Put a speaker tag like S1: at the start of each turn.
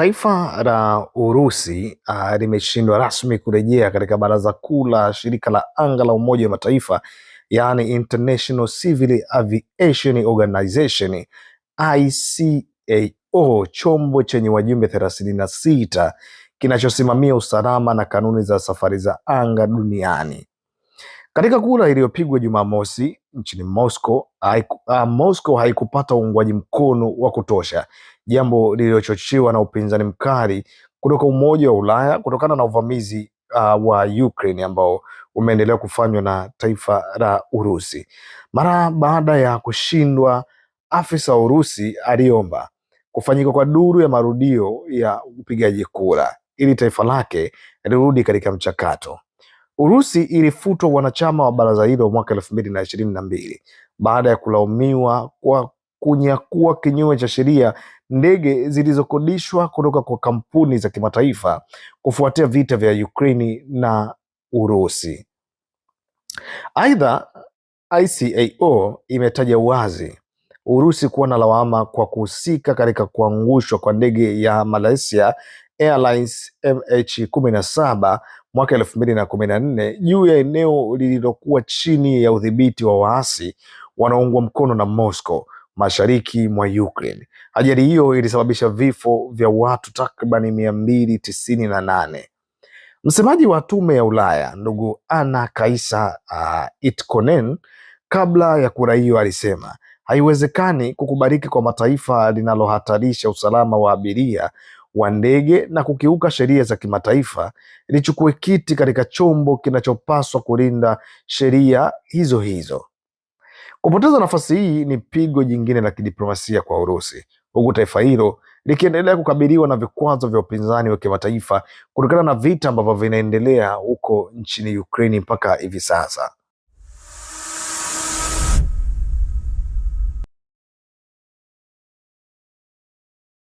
S1: Taifa la Urusi uh, limeshindwa rasmi kurejea katika baraza kuu la shirika la anga la Umoja wa Mataifa, yaani International Civil Aviation Organization ICAO, chombo chenye wajumbe thelathini na sita kinachosimamia usalama na kanuni za safari za anga duniani. Katika kura iliyopigwa Jumamosi nchini Moscow, haiku, uh, Moscow haikupata uungwaji mkono wa kutosha jambo lililochochewa na upinzani mkali kutoka Umoja wa Ulaya kutokana na uvamizi uh, wa Ukraine ambao umeendelea kufanywa na taifa la Urusi. Mara baada ya kushindwa, afisa wa Urusi aliomba kufanyika kwa duru ya marudio ya upigaji kura ili taifa lake lirudi katika mchakato. Urusi ilifutwa wanachama wa baraza hilo mwaka elfu mbili na ishirini na mbili baada ya kulaumiwa kwa kunyakua kinyume cha sheria ndege zilizokodishwa kutoka kwa kampuni za kimataifa kufuatia vita vya Ukraini na Urusi. Aidha, ICAO imetaja wazi Urusi kuwa na lawama kwa kuhusika katika kuangushwa kwa ndege ya Malaysia Airlines MH17 mwaka elfu mbili na kumi na nne juu ya eneo lililokuwa chini ya udhibiti wa waasi wanaoungwa mkono na Moscow mashariki mwa Ukraine. Ajali hiyo ilisababisha vifo vya watu takribani mia mbili tisini na nane. Msemaji wa tume ya Ulaya ndugu Anna Kaisa uh, Itkonen kabla ya kura hiyo alisema haiwezekani kukubaliki kwa mataifa linalohatarisha usalama wa abiria wa ndege na kukiuka sheria za kimataifa lichukue kiti katika chombo kinachopaswa kulinda sheria hizo hizo. Kupoteza nafasi hii ni pigo jingine la kidiplomasia kwa Urusi, huku taifa hilo likiendelea kukabiliwa na vikwazo vya upinzani wa kimataifa kutokana na vita ambavyo vinaendelea huko nchini Ukraini mpaka hivi sasa.